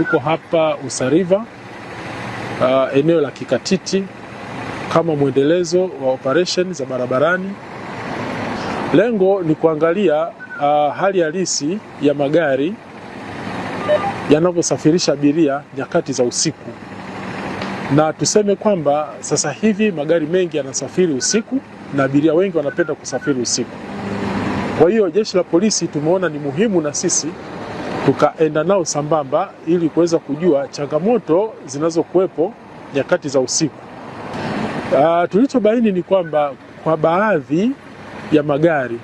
tuko hapa Usariva uh, eneo la Kikatiti kama mwendelezo wa operation za barabarani. Lengo ni kuangalia uh, hali halisi ya magari yanavyosafirisha abiria nyakati za usiku, na tuseme kwamba sasa hivi magari mengi yanasafiri usiku na abiria wengi wanapenda kusafiri usiku. Kwa hiyo jeshi la polisi tumeona ni muhimu na sisi tukaenda nao sambamba ili kuweza kujua changamoto zinazokuwepo nyakati za usiku. Uh, tulichobaini ni kwamba kwa baadhi ya magari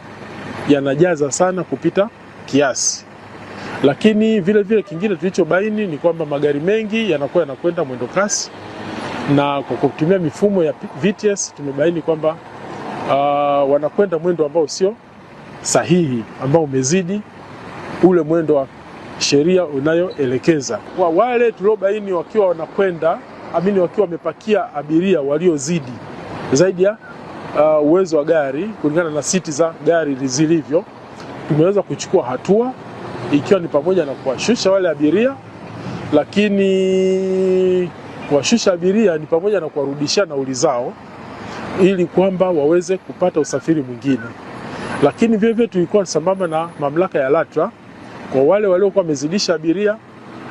yanajaza sana kupita kiasi, lakini vile vile kingine tulichobaini ni kwamba magari mengi yanakuwa yanakwenda mwendo kasi, na kwa kutumia mifumo ya VTS tumebaini kwamba uh, wanakwenda mwendo ambao sio sahihi, ambao umezidi ule mwendo wa sheria unayoelekeza kwa wale tuliobaini wakiwa wanakwenda amini, wakiwa wamepakia abiria waliozidi zaidi ya uh, uwezo wa gari kulingana na siti za gari zilivyo. Tumeweza kuchukua hatua ikiwa ni pamoja na kuwashusha wale abiria, lakini kuwashusha abiria ni pamoja na kuwarudishia nauli zao ili kwamba waweze kupata usafiri mwingine, lakini vilevile tulikuwa sambamba na mamlaka ya LATRA kwa wale waliokuwa wamezidisha abiria,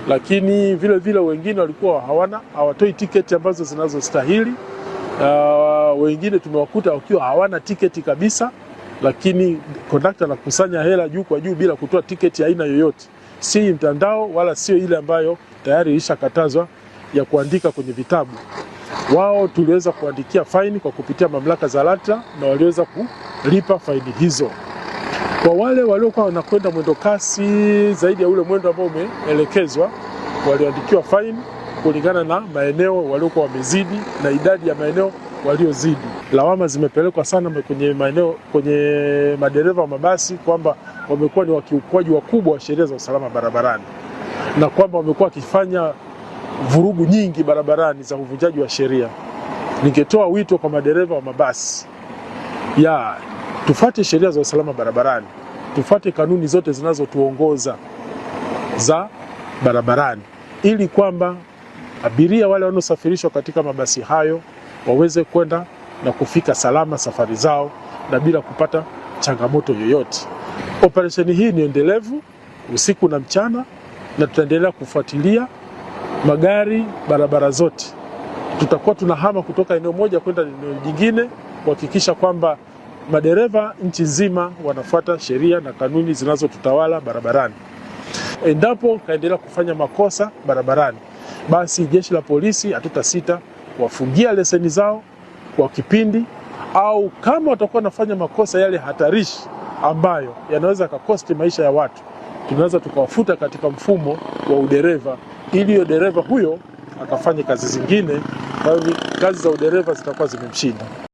lakini vile vile wengine walikuwa hawana hawatoi tiketi ambazo zinazostahili. Uh, wengine tumewakuta wakiwa hawana tiketi kabisa, lakini kondakta anakusanya hela juu kwa juu bila kutoa tiketi aina yoyote, si mtandao wala sio ile ambayo tayari ilishakatazwa ya kuandika kwenye vitabu. Wao tuliweza kuandikia faini kwa kupitia mamlaka za LATRA na waliweza kulipa faini hizo. Kwa wale waliokuwa wanakwenda mwendo kasi zaidi ya ule mwendo ambao umeelekezwa, walioandikiwa faini kulingana na maeneo waliokuwa wamezidi na idadi ya maeneo waliozidi. Lawama zimepelekwa sana kwenye maeneo, kwenye madereva wa mabasi kwamba wamekuwa ni wakiukwaji wakubwa wa sheria za usalama barabarani na kwamba wamekuwa wakifanya vurugu nyingi barabarani za uvunjaji wa sheria. Ningetoa wito kwa madereva wa mabasi ya tufuate sheria za usalama barabarani, tufuate kanuni zote zinazotuongoza za barabarani, ili kwamba abiria wale wanaosafirishwa katika mabasi hayo waweze kwenda na kufika salama safari zao na bila kupata changamoto yoyote. Operesheni hii ni endelevu usiku na mchana, na tutaendelea kufuatilia magari barabara zote. Tutakuwa tunahama kutoka eneo moja kwenda eneo jingine kuhakikisha kwamba madereva nchi nzima wanafuata sheria na kanuni zinazotutawala barabarani. Endapo kaendelea kufanya makosa barabarani, basi jeshi la polisi hatutasita kuwafungia leseni zao kwa kipindi, au kama watakuwa wanafanya makosa yale hatarishi ambayo yanaweza yakakosti maisha ya watu, tunaweza tukawafuta katika mfumo wa udereva, ili dereva huyo akafanye kazi zingine, kazi za udereva zitakuwa zimemshinda.